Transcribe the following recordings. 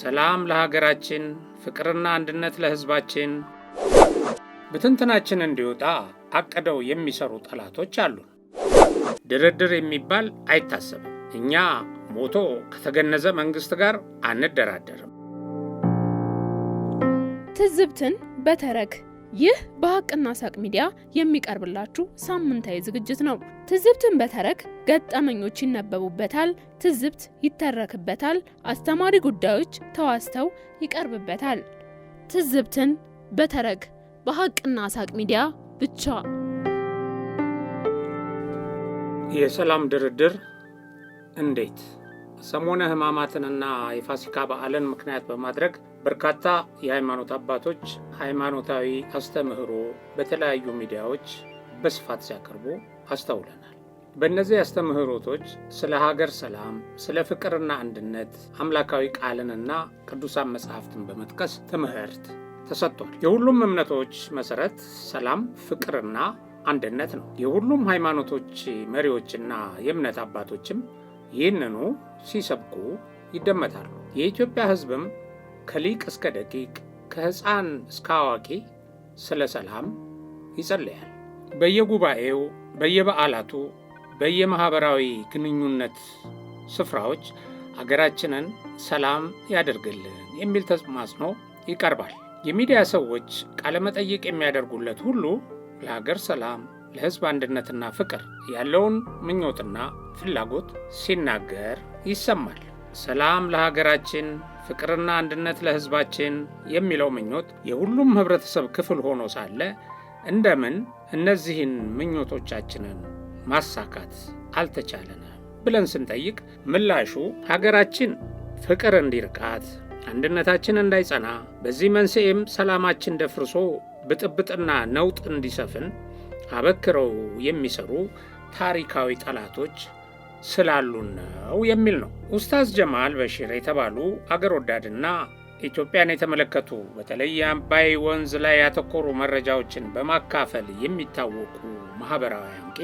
ሰላም ለሀገራችን፣ ፍቅርና አንድነት ለሕዝባችን። ብትንትናችን እንዲወጣ አቅደው የሚሰሩ ጠላቶች አሉ። ድርድር የሚባል አይታሰብም። እኛ ሞቶ ከተገነዘ መንግሥት ጋር አንደራደርም። ትዝብትን በተረክ ይህ በሀቅና ሳቅ ሚዲያ የሚቀርብላችሁ ሳምንታዊ ዝግጅት ነው። ትዝብትን በተረክ ገጠመኞች ይነበቡበታል፣ ትዝብት ይተረክበታል፣ አስተማሪ ጉዳዮች ተዋስተው ይቀርብበታል። ትዝብትን በተረክ በሀቅና ሳቅ ሚዲያ ብቻ። የሰላም ድርድር እንዴት ሰሞነ ሕማማትንና የፋሲካ በዓልን ምክንያት በማድረግ በርካታ የሃይማኖት አባቶች ሃይማኖታዊ አስተምህሮ በተለያዩ ሚዲያዎች በስፋት ሲያቀርቡ አስተውለናል። በእነዚህ አስተምህሮቶች ስለ ሀገር ሰላም፣ ስለ ፍቅርና አንድነት አምላካዊ ቃልንና ቅዱሳን መጽሐፍትን በመጥቀስ ትምህርት ተሰጥቷል። የሁሉም እምነቶች መሠረት ሰላም፣ ፍቅርና አንድነት ነው። የሁሉም ሃይማኖቶች መሪዎችና የእምነት አባቶችም ይህንኑ ሲሰብኩ ይደመጣሉ። የኢትዮጵያ ሕዝብም ከሊቅ እስከ ደቂቅ ከሕፃን እስከ አዋቂ ስለ ሰላም ይጸለያል። በየጉባኤው፣ በየበዓላቱ፣ በየማኅበራዊ ግንኙነት ስፍራዎች አገራችንን ሰላም ያደርግልን የሚል ተማጽኖ ይቀርባል። የሚዲያ ሰዎች ቃለመጠይቅ የሚያደርጉለት ሁሉ ለሀገር ሰላም፣ ለሕዝብ አንድነትና ፍቅር ያለውን ምኞትና ፍላጎት ሲናገር ይሰማል። ሰላም ለሀገራችን ፍቅርና አንድነት ለሕዝባችን የሚለው ምኞት የሁሉም ኅብረተሰብ ክፍል ሆኖ ሳለ እንደምን እነዚህን ምኞቶቻችንን ማሳካት አልተቻለንም ብለን ስንጠይቅ ምላሹ ሀገራችን ፍቅር እንዲርቃት፣ አንድነታችን እንዳይጸና፣ በዚህ መንስኤም ሰላማችን ደፍርሶ ብጥብጥና ነውጥ እንዲሰፍን አበክረው የሚሰሩ ታሪካዊ ጠላቶች ስላሉን ነው የሚል ነው። ኡስታዝ ጀማል በሺር የተባሉ አገር ወዳድና ኢትዮጵያን የተመለከቱ በተለይ የአባይ ወንዝ ላይ ያተኮሩ መረጃዎችን በማካፈል የሚታወቁ ማኅበራዊ አንቂ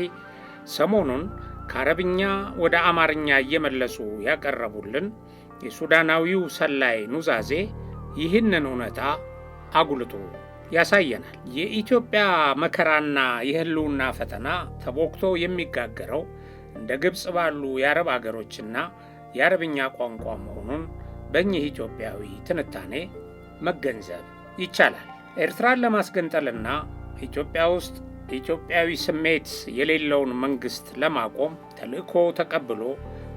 ሰሞኑን ከአረብኛ ወደ አማርኛ እየመለሱ ያቀረቡልን የሱዳናዊው ሰላይ ኑዛዜ ይህንን እውነታ አጉልቶ ያሳየናል። የኢትዮጵያ መከራና የህልውና ፈተና ተቦክቶ የሚጋገረው እንደ ግብፅ ባሉ የአረብ አገሮችና የአረብኛ ቋንቋ መሆኑን በእኚህ ኢትዮጵያዊ ትንታኔ መገንዘብ ይቻላል። ኤርትራን ለማስገንጠልና ኢትዮጵያ ውስጥ ኢትዮጵያዊ ስሜት የሌለውን መንግሥት ለማቆም ተልእኮ ተቀብሎ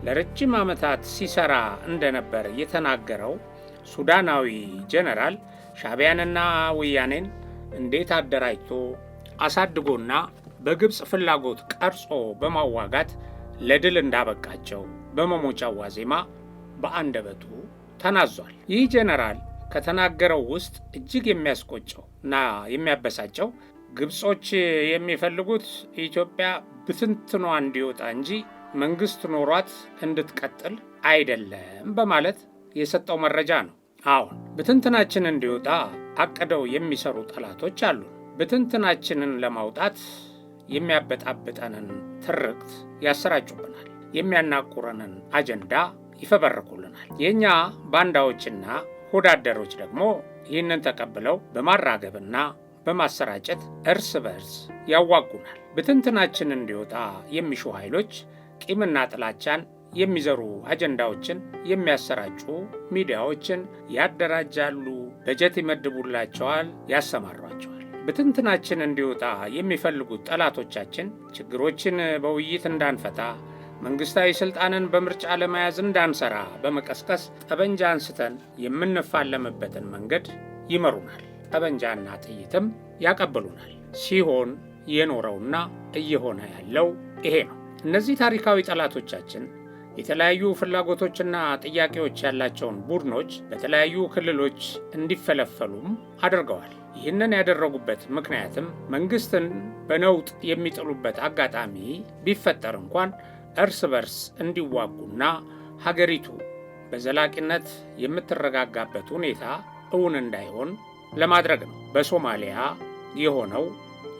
ለረጅም ዓመታት ሲሰራ እንደነበር የተናገረው ሱዳናዊ ጄኔራል ሻቢያንና ወያኔን እንዴት አደራጅቶ አሳድጎና በግብፅ ፍላጎት ቀርጾ በማዋጋት ለድል እንዳበቃቸው በመሞጫው ዋዜማ በአንደበቱ ተናዟል። ይህ ጄኔራል ከተናገረው ውስጥ እጅግ የሚያስቆጨው እና የሚያበሳጨው ግብጾች የሚፈልጉት ኢትዮጵያ ብትንትኗ እንዲወጣ እንጂ መንግስት ኖሯት እንድትቀጥል አይደለም በማለት የሰጠው መረጃ ነው። አሁን ብትንትናችን እንዲወጣ አቅደው የሚሰሩ ጠላቶች አሉ። ብትንትናችንን ለማውጣት የሚያበጣብጠንን ትርክት ያሰራጩብናል፣ የሚያናቁረንን አጀንዳ ይፈበርኩልናል። የእኛ ባንዳዎችና ሆዳደሮች ደግሞ ይህንን ተቀብለው በማራገብና በማሰራጨት እርስ በርስ ያዋጉናል። ብትንትናችን እንዲወጣ የሚሹ ኃይሎች ቂምና ጥላቻን የሚዘሩ አጀንዳዎችን የሚያሰራጩ ሚዲያዎችን ያደራጃሉ፣ በጀት ይመድቡላቸዋል፣ ያሰማሯቸዋል። ብትንትናችን እንዲወጣ የሚፈልጉት ጠላቶቻችን ችግሮችን በውይይት እንዳንፈታ፣ መንግሥታዊ ሥልጣንን በምርጫ ለመያዝ እንዳንሠራ በመቀስቀስ ጠበንጃ አንስተን የምንፋለምበትን መንገድ ይመሩናል። ጠበንጃና ጥይትም ያቀብሉናል። ሲሆን የኖረውና እየሆነ ያለው ይሄ ነው። እነዚህ ታሪካዊ ጠላቶቻችን የተለያዩ ፍላጎቶችና ጥያቄዎች ያላቸውን ቡድኖች በተለያዩ ክልሎች እንዲፈለፈሉም አድርገዋል። ይህንን ያደረጉበት ምክንያትም መንግስትን በነውጥ የሚጥሉበት አጋጣሚ ቢፈጠር እንኳን እርስ በርስ እንዲዋጉና ሀገሪቱ በዘላቂነት የምትረጋጋበት ሁኔታ እውን እንዳይሆን ለማድረግ ነው። በሶማሊያ የሆነው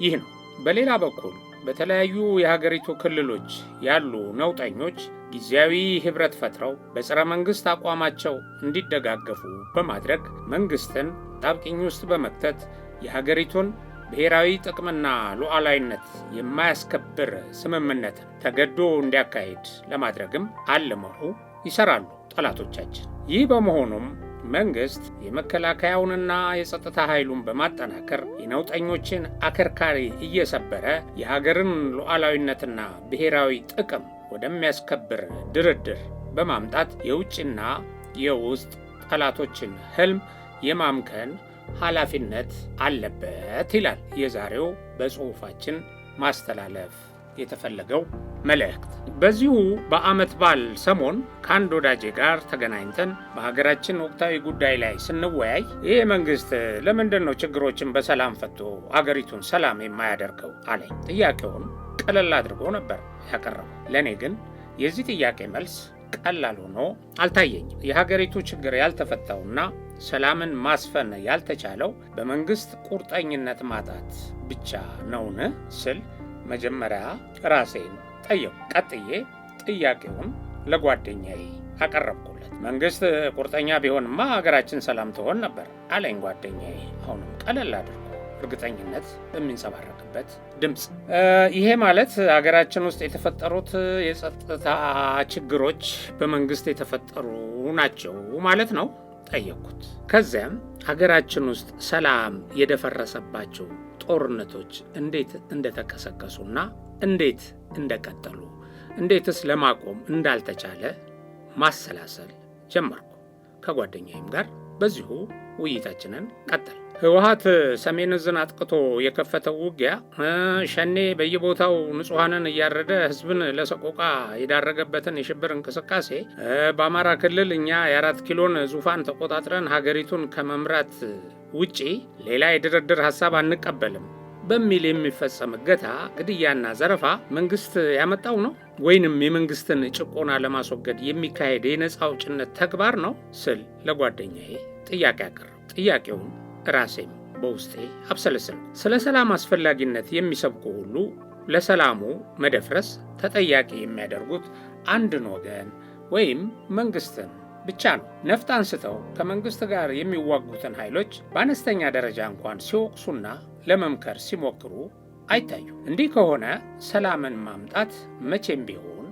ይህ ነው። በሌላ በኩል በተለያዩ የሀገሪቱ ክልሎች ያሉ ነውጠኞች ጊዜያዊ ኅብረት ፈጥረው በጸረ መንግሥት አቋማቸው እንዲደጋገፉ በማድረግ መንግሥትን ጣብቅኝ ውስጥ በመክተት የሀገሪቱን ብሔራዊ ጥቅምና ሉዓላዊነት የማያስከብር ስምምነት ተገዶ እንዲያካሄድ ለማድረግም አልመው ይሰራሉ ጠላቶቻችን። ይህ በመሆኑም መንግሥት የመከላከያውንና የጸጥታ ኃይሉን በማጠናከር የነውጠኞችን አከርካሪ እየሰበረ የሀገርን ሉዓላዊነትና ብሔራዊ ጥቅም ወደሚያስከብር ድርድር በማምጣት የውጭና የውስጥ ጠላቶችን ህልም የማምከን ኃላፊነት አለበት ይላል የዛሬው በጽሑፋችን ማስተላለፍ የተፈለገው መልእክት። በዚሁ በዓመት በዓል ሰሞን ከአንድ ወዳጄ ጋር ተገናኝተን በሀገራችን ወቅታዊ ጉዳይ ላይ ስንወያይ ይህ መንግስት ለምንድን ነው ችግሮችን በሰላም ፈቶ አገሪቱን ሰላም የማያደርገው አለኝ። ጥያቄውን ቀለል አድርጎ ነበር ያቀረበው። ለእኔ ግን የዚህ ጥያቄ መልስ ቀላል ሆኖ አልታየኝም። የሀገሪቱ ችግር ያልተፈታውና ሰላምን ማስፈን ያልተቻለው በመንግስት ቁርጠኝነት ማጣት ብቻ ነውን ስል መጀመሪያ ራሴን ጠየቁ። ቀጥዬ ጥያቄውን ለጓደኛዬ አቀረብኩለት። መንግስት ቁርጠኛ ቢሆንማ ሀገራችን ሰላም ትሆን ነበር አለኝ ጓደኛዬ፣ አሁንም ቀለል አድርጎ እርግጠኝነት የሚንጸባረቅበት ድምፅ። ይሄ ማለት ሀገራችን ውስጥ የተፈጠሩት የጸጥታ ችግሮች በመንግስት የተፈጠሩ ናቸው ማለት ነው? ጠየቅኩት። ከዚያም ሀገራችን ውስጥ ሰላም የደፈረሰባቸው ጦርነቶች እንዴት እንደተቀሰቀሱና እንዴት እንደቀጠሉ እንዴትስ ለማቆም እንዳልተቻለ ማሰላሰል ጀመርኩ። ከጓደኛዬም ጋር በዚሁ ውይይታችንን ቀጠል። ህወሀት ሰሜን ዕዝን አጥቅቶ የከፈተው ውጊያ፣ ሸኔ በየቦታው ንጹሐንን እያረደ ህዝብን ለሰቆቃ የዳረገበትን የሽብር እንቅስቃሴ፣ በአማራ ክልል እኛ የአራት ኪሎን ዙፋን ተቆጣጥረን ሀገሪቱን ከመምራት ውጪ ሌላ የድርድር ሐሳብ አንቀበልም በሚል የሚፈጸም እገታ፣ ግድያና ዘረፋ መንግስት ያመጣው ነው ወይንም የመንግስትን ጭቆና ለማስወገድ የሚካሄድ የነፃ አውጭነት ተግባር ነው ስል ለጓደኛዬ ጥያቄ አቀረብ። ጥያቄውን ራሴም በውስጤ አብሰለስል። ስለ ሰላም አስፈላጊነት የሚሰብኩ ሁሉ ለሰላሙ መደፍረስ ተጠያቂ የሚያደርጉት አንድን ወገን ወይም መንግስትን ብቻ ነው። ነፍጥ አንስተው ከመንግሥት ጋር የሚዋጉትን ኃይሎች በአነስተኛ ደረጃ እንኳን ሲወቅሱና ለመምከር ሲሞክሩ አይታዩ። እንዲህ ከሆነ ሰላምን ማምጣት መቼም ቢሆን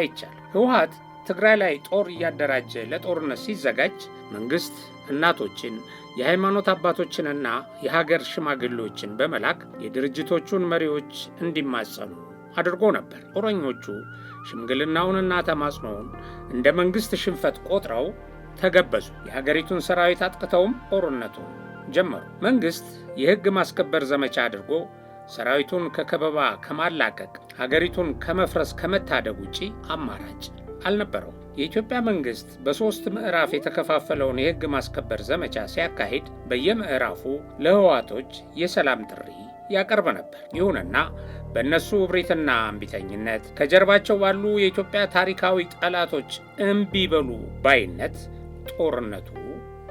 አይቻልም። ህወሓት ትግራይ ላይ ጦር እያደራጀ ለጦርነት ሲዘጋጅ መንግሥት እናቶችን የሃይማኖት አባቶችንና የሀገር ሽማግሌዎችን በመላክ የድርጅቶቹን መሪዎች እንዲማጸኑ አድርጎ ነበር። ጦረኞቹ ሽምግልናውንና ተማጽኖውን እንደ መንግሥት ሽንፈት ቆጥረው ተገበዙ። የሀገሪቱን ሰራዊት አጥቅተውም ጦርነቱን ጀመሩ። መንግሥት የሕግ ማስከበር ዘመቻ አድርጎ ሰራዊቱን ከከበባ ከማላቀቅ ሀገሪቱን ከመፍረስ ከመታደግ ውጪ አማራጭ አልነበረውም። የኢትዮጵያ መንግሥት በሦስት ምዕራፍ የተከፋፈለውን የሕግ ማስከበር ዘመቻ ሲያካሂድ በየምዕራፉ ለህዋቶች የሰላም ጥሪ ያቀርብ ነበር። ይሁንና በእነሱ እብሪትና እምቢተኝነት ከጀርባቸው ባሉ የኢትዮጵያ ታሪካዊ ጠላቶች እምቢ በሉ ባይነት ጦርነቱ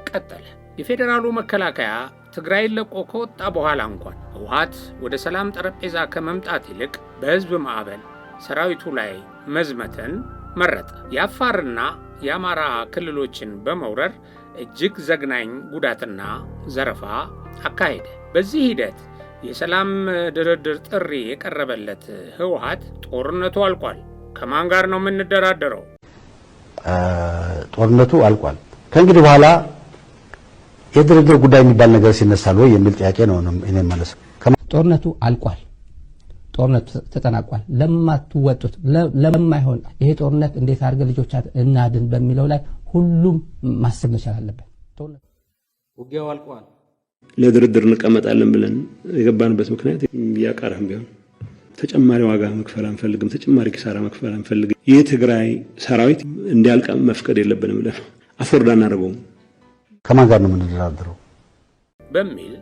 ቀጠለ። የፌዴራሉ መከላከያ ትግራይን ለቆ ከወጣ በኋላ እንኳን ህወሓት ወደ ሰላም ጠረጴዛ ከመምጣት ይልቅ በህዝብ ማዕበል ሰራዊቱ ላይ መዝመትን መረጠ። የአፋርና የአማራ ክልሎችን በመውረር እጅግ ዘግናኝ ጉዳትና ዘረፋ አካሄደ። በዚህ ሂደት የሰላም ድርድር ጥሪ የቀረበለት ህወሓት ጦርነቱ አልቋል፣ ከማን ጋር ነው የምንደራደረው? ጦርነቱ አልቋል፣ ከእንግዲህ በኋላ የድርድር ጉዳይ የሚባል ነገር ሲነሳል ወይ የሚል ጥያቄ ነው እኔ መለስ። ጦርነቱ አልቋል፣ ጦርነቱ ተጠናቋል። ለማትወጡት ለማይሆን ይሄ ጦርነት እንዴት አድርገን ልጆቻት እናድን በሚለው ላይ ሁሉም ማሰብ መቻል አለበት። ውጊያው አልቋል። ለድርድር እንቀመጣለን ብለን የገባንበት ምክንያት እያቃረም ቢሆን ተጨማሪ ዋጋ መክፈል አንፈልግም፣ ተጨማሪ ኪሳራ መክፈል አንፈልግም። ይህ ትግራይ ሰራዊት እንዲያልቀ መፍቀድ የለብንም ብለን አፎርድ አናደርገውም። ከማን ጋር ነው የምንደራድረው በሚል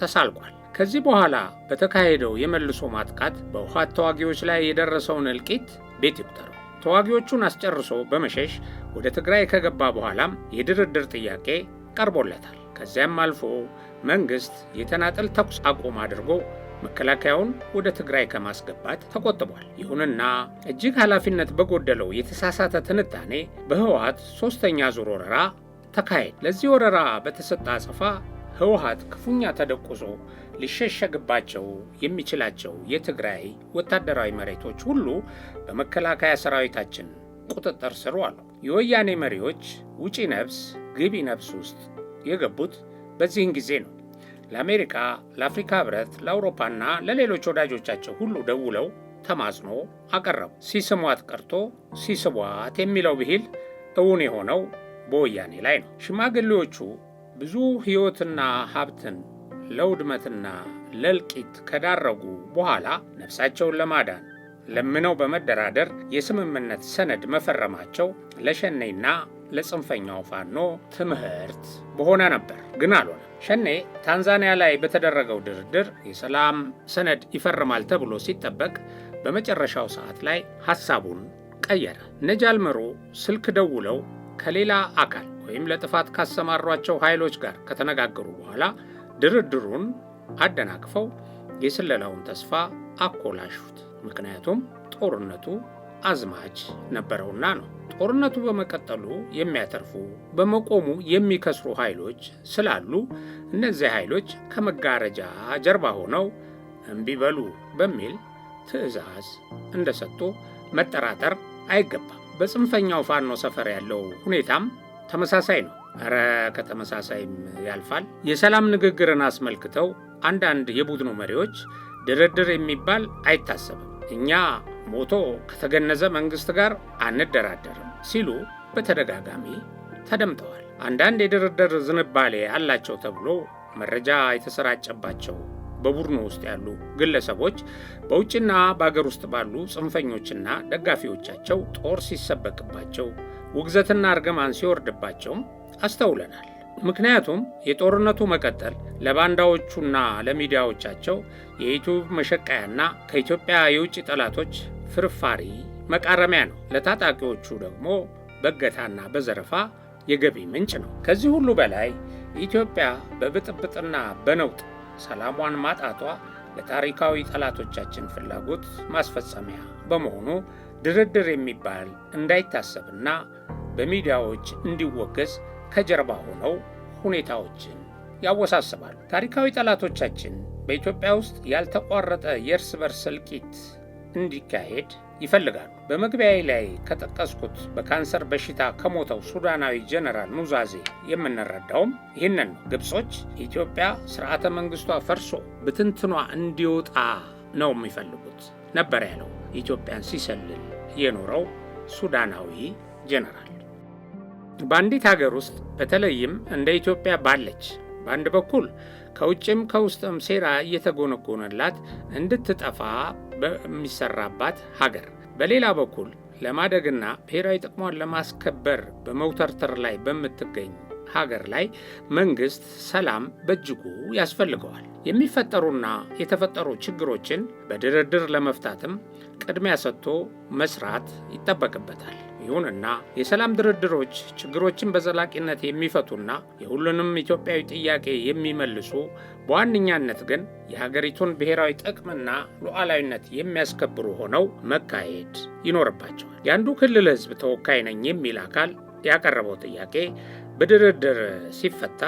ተሳልቋል። ከዚህ በኋላ በተካሄደው የመልሶ ማጥቃት በውሃት ተዋጊዎች ላይ የደረሰውን እልቂት ቤት ይቁጠረው። ተዋጊዎቹን አስጨርሶ በመሸሽ ወደ ትግራይ ከገባ በኋላም የድርድር ጥያቄ ቀርቦለታል። ከዚያም አልፎ መንግሥት የተናጠል ተኩስ አቁም አድርጎ መከላከያውን ወደ ትግራይ ከማስገባት ተቆጥቧል። ይሁንና እጅግ ኃላፊነት በጎደለው የተሳሳተ ትንታኔ በህወሀት ሦስተኛ ዙር ወረራ ተካሄድ። ለዚህ ወረራ በተሰጠ አጸፋ ህወሀት ክፉኛ ተደቁሶ ሊሸሸግባቸው የሚችላቸው የትግራይ ወታደራዊ መሬቶች ሁሉ በመከላከያ ሰራዊታችን ቁጥጥር ስር አሉ። የወያኔ መሪዎች ውጪ ነፍስ ግቢ ነፍስ ውስጥ የገቡት በዚህን ጊዜ ነው ለአሜሪካ፣ ለአፍሪካ ህብረት፣ ለአውሮፓና ለሌሎች ወዳጆቻቸው ሁሉ ደውለው ተማጽኖ አቀረቡ። ሲስሟት ቀርቶ ሲስቧት የሚለው ብሂል እውን የሆነው በወያኔ ላይ ነው። ሽማግሌዎቹ ብዙ ሕይወትና ሀብትን ለውድመትና ለእልቂት ከዳረጉ በኋላ ነፍሳቸውን ለማዳን ለምነው በመደራደር የስምምነት ሰነድ መፈረማቸው ለሸኔና ለጽንፈኛው ፋኖ ትምህርት በሆነ ነበር፣ ግን አልሆነ። ሸኔ ታንዛኒያ ላይ በተደረገው ድርድር የሰላም ሰነድ ይፈርማል ተብሎ ሲጠበቅ በመጨረሻው ሰዓት ላይ ሐሳቡን ቀየረ። ነጃልመሮ ስልክ ደውለው ከሌላ አካል ወይም ለጥፋት ካሰማሯቸው ኃይሎች ጋር ከተነጋገሩ በኋላ ድርድሩን አደናቅፈው የስለላውን ተስፋ አኮላሹት። ምክንያቱም ጦርነቱ አዝማች ነበረውና ነው። ጦርነቱ በመቀጠሉ የሚያተርፉ በመቆሙ የሚከስሩ ኃይሎች ስላሉ እነዚህ ኃይሎች ከመጋረጃ ጀርባ ሆነው እንቢበሉ በሚል ትዕዛዝ እንደሰጡ መጠራጠር አይገባም። በጽንፈኛው ፋኖ ሰፈር ያለው ሁኔታም ተመሳሳይ ነው። እረ ከተመሳሳይም ያልፋል። የሰላም ንግግርን አስመልክተው አንዳንድ የቡድኑ መሪዎች ድርድር የሚባል አይታሰብም፣ እኛ ሞቶ ከተገነዘ መንግሥት ጋር አንደራደርም ሲሉ በተደጋጋሚ ተደምጠዋል። አንዳንድ የድርድር ዝንባሌ አላቸው ተብሎ መረጃ የተሰራጨባቸው በቡድኑ ውስጥ ያሉ ግለሰቦች በውጭና በአገር ውስጥ ባሉ ጽንፈኞችና ደጋፊዎቻቸው ጦር ሲሰበቅባቸው፣ ውግዘትና እርግማን ሲወርድባቸውም አስተውለናል። ምክንያቱም የጦርነቱ መቀጠል ለባንዳዎቹና ለሚዲያዎቻቸው የዩቱብ መሸቀያና ከኢትዮጵያ የውጭ ጠላቶች ፍርፋሪ መቃረሚያ ነው። ለታጣቂዎቹ ደግሞ በእገታና በዘረፋ የገቢ ምንጭ ነው። ከዚህ ሁሉ በላይ ኢትዮጵያ በብጥብጥና በነውጥ ሰላሟን ማጣቷ ለታሪካዊ ጠላቶቻችን ፍላጎት ማስፈጸሚያ በመሆኑ ድርድር የሚባል እንዳይታሰብና በሚዲያዎች እንዲወገዝ ከጀርባ ሆነው ሁኔታዎችን ያወሳስባሉ። ታሪካዊ ጠላቶቻችን በኢትዮጵያ ውስጥ ያልተቋረጠ የእርስ በርስ እልቂት እንዲካሄድ ይፈልጋሉ። በመግቢያ ላይ ከጠቀስኩት በካንሰር በሽታ ከሞተው ሱዳናዊ ጀነራል ኑዛዜ የምንረዳውም ይህንን ነው። ግብጾች ኢትዮጵያ ስርዓተ መንግስቷ ፈርሶ ብትንትኗ እንዲወጣ ነው የሚፈልጉት ነበር ያለው ኢትዮጵያን ሲሰልል የኖረው ሱዳናዊ ጀነራል። በአንዲት ሀገር ውስጥ በተለይም እንደ ኢትዮጵያ ባለች በአንድ በኩል ከውጭም ከውስጥም ሴራ እየተጎነጎነላት እንድትጠፋ በሚሰራባት ሀገር በሌላ በኩል ለማደግና ብሔራዊ ጥቅሟን ለማስከበር በመውተርተር ላይ በምትገኝ ሀገር ላይ መንግስት ሰላም በእጅጉ ያስፈልገዋል። የሚፈጠሩና የተፈጠሩ ችግሮችን በድርድር ለመፍታትም ቅድሚያ ሰጥቶ መስራት ይጠበቅበታል። ይሁንና የሰላም ድርድሮች ችግሮችን በዘላቂነት የሚፈቱና የሁሉንም ኢትዮጵያዊ ጥያቄ የሚመልሱ በዋነኛነት ግን የሀገሪቱን ብሔራዊ ጥቅምና ሉዓላዊነት የሚያስከብሩ ሆነው መካሄድ ይኖርባቸዋል። የአንዱ ክልል ሕዝብ ተወካይ ነኝ የሚል አካል ያቀረበው ጥያቄ በድርድር ሲፈታ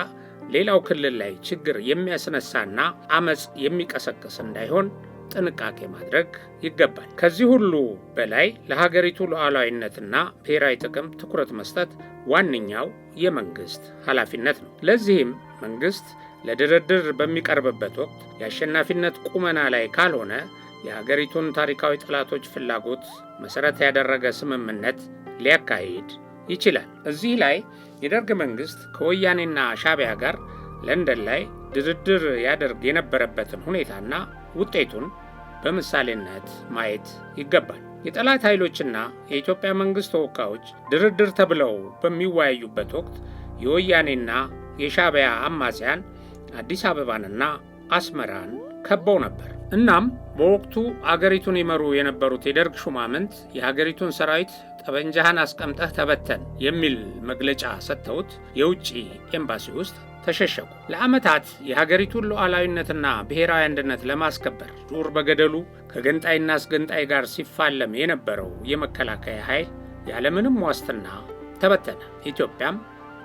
ሌላው ክልል ላይ ችግር የሚያስነሳና አመፅ የሚቀሰቅስ እንዳይሆን ጥንቃቄ ማድረግ ይገባል። ከዚህ ሁሉ በላይ ለሀገሪቱ ሉዓላዊነትና ብሔራዊ ጥቅም ትኩረት መስጠት ዋነኛው የመንግስት ኃላፊነት ነው። ለዚህም መንግስት ለድርድር በሚቀርብበት ወቅት የአሸናፊነት ቁመና ላይ ካልሆነ የሀገሪቱን ታሪካዊ ጠላቶች ፍላጎት መሠረት ያደረገ ስምምነት ሊያካሂድ ይችላል። እዚህ ላይ የደርግ መንግስት ከወያኔና ሻቢያ ጋር ለንደን ላይ ድርድር ያደርግ የነበረበትን ሁኔታና ውጤቱን በምሳሌነት ማየት ይገባል። የጠላት ኃይሎችና የኢትዮጵያ መንግሥት ተወካዮች ድርድር ተብለው በሚወያዩበት ወቅት የወያኔና የሻዕቢያ አማጽያን አዲስ አበባንና አስመራን ከበው ነበር። እናም በወቅቱ አገሪቱን ይመሩ የነበሩት የደርግ ሹማምንት የሀገሪቱን ሰራዊት ጠበንጃህን አስቀምጠህ ተበተን የሚል መግለጫ ሰጥተውት የውጭ ኤምባሲ ውስጥ ተሸሸጉ። ለዓመታት የሀገሪቱን ሉዓላዊነትና ብሔራዊ አንድነት ለማስከበር ዱር በገደሉ ከገንጣይና አስገንጣይ ጋር ሲፋለም የነበረው የመከላከያ ኃይል ያለምንም ዋስትና ተበተነ። ኢትዮጵያም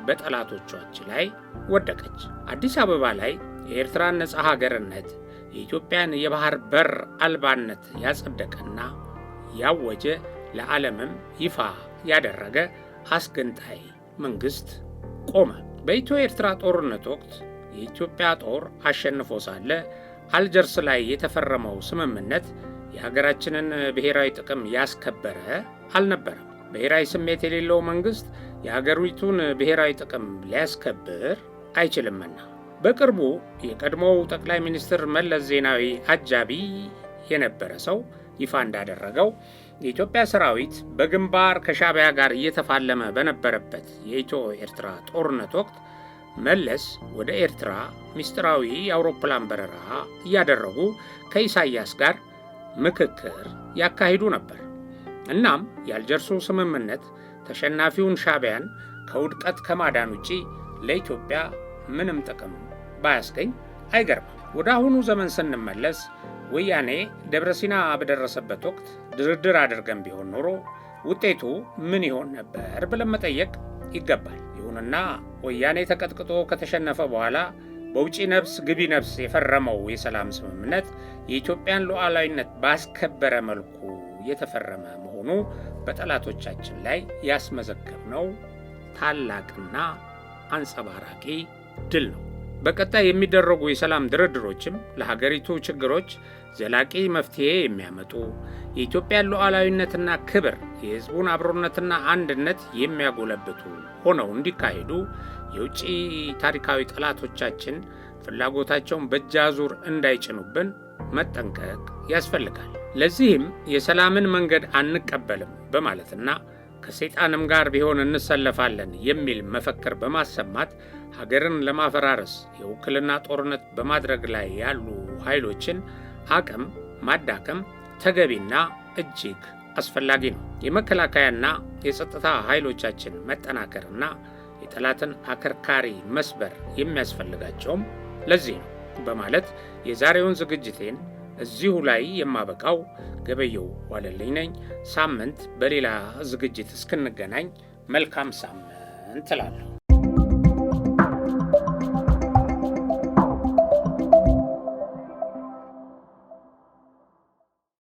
በጠላቶቿች ላይ ወደቀች። አዲስ አበባ ላይ የኤርትራን ነፃ ሀገርነት የኢትዮጵያን የባህር በር አልባነት ያጸደቀና ያወጀ ለዓለምም ይፋ ያደረገ አስገንጣይ መንግሥት ቆመ። በኢትዮ ኤርትራ ጦርነት ወቅት የኢትዮጵያ ጦር አሸንፎ ሳለ አልጀርስ ላይ የተፈረመው ስምምነት የሀገራችንን ብሔራዊ ጥቅም ያስከበረ አልነበረም። ብሔራዊ ስሜት የሌለው መንግሥት የሀገሪቱን ብሔራዊ ጥቅም ሊያስከብር አይችልምና። በቅርቡ የቀድሞው ጠቅላይ ሚኒስትር መለስ ዜናዊ አጃቢ የነበረ ሰው ይፋ እንዳደረገው የኢትዮጵያ ሰራዊት በግንባር ከሻቢያ ጋር እየተፋለመ በነበረበት የኢትዮ ኤርትራ ጦርነት ወቅት መለስ ወደ ኤርትራ ምስጢራዊ የአውሮፕላን በረራ እያደረጉ ከኢሳያስ ጋር ምክክር ያካሂዱ ነበር። እናም የአልጀርሱ ስምምነት ተሸናፊውን ሻቢያን ከውድቀት ከማዳን ውጪ ለኢትዮጵያ ምንም ጥቅም ባያስገኝ አይገርምም። ወደ አሁኑ ዘመን ስንመለስ ወያኔ ደብረሲና በደረሰበት ወቅት ድርድር አድርገን ቢሆን ኖሮ ውጤቱ ምን ይሆን ነበር ብለን መጠየቅ ይገባል። ይሁንና ወያኔ ተቀጥቅጦ ከተሸነፈ በኋላ በውጪ ነፍስ ግቢ ነፍስ የፈረመው የሰላም ስምምነት የኢትዮጵያን ሉዓላዊነት ባስከበረ መልኩ የተፈረመ መሆኑ በጠላቶቻችን ላይ ያስመዘገብነው ታላቅና አንጸባራቂ ድል ነው። በቀጣይ የሚደረጉ የሰላም ድርድሮችም ለሀገሪቱ ችግሮች ዘላቂ መፍትሄ የሚያመጡ የኢትዮጵያን ሉዓላዊነትና ክብር፣ የሕዝቡን አብሮነትና አንድነት የሚያጎለብቱ ሆነው እንዲካሄዱ የውጭ ታሪካዊ ጠላቶቻችን ፍላጎታቸውን በእጃዙር እንዳይጭኑብን መጠንቀቅ ያስፈልጋል። ለዚህም የሰላምን መንገድ አንቀበልም በማለትና ከሰይጣንም ጋር ቢሆን እንሰለፋለን የሚል መፈክር በማሰማት ሀገርን ለማፈራረስ የውክልና ጦርነት በማድረግ ላይ ያሉ ኃይሎችን አቅም ማዳከም ተገቢና እጅግ አስፈላጊ ነው። የመከላከያና የጸጥታ ኃይሎቻችን መጠናከርና የጠላትን አከርካሪ መስበር የሚያስፈልጋቸውም ለዚህ ነው በማለት የዛሬውን ዝግጅቴን እዚሁ ላይ የማበቃው ገበየው ዋለልኝ ነኝ። ሳምንት በሌላ ዝግጅት እስክንገናኝ መልካም ሳምንት እላለሁ።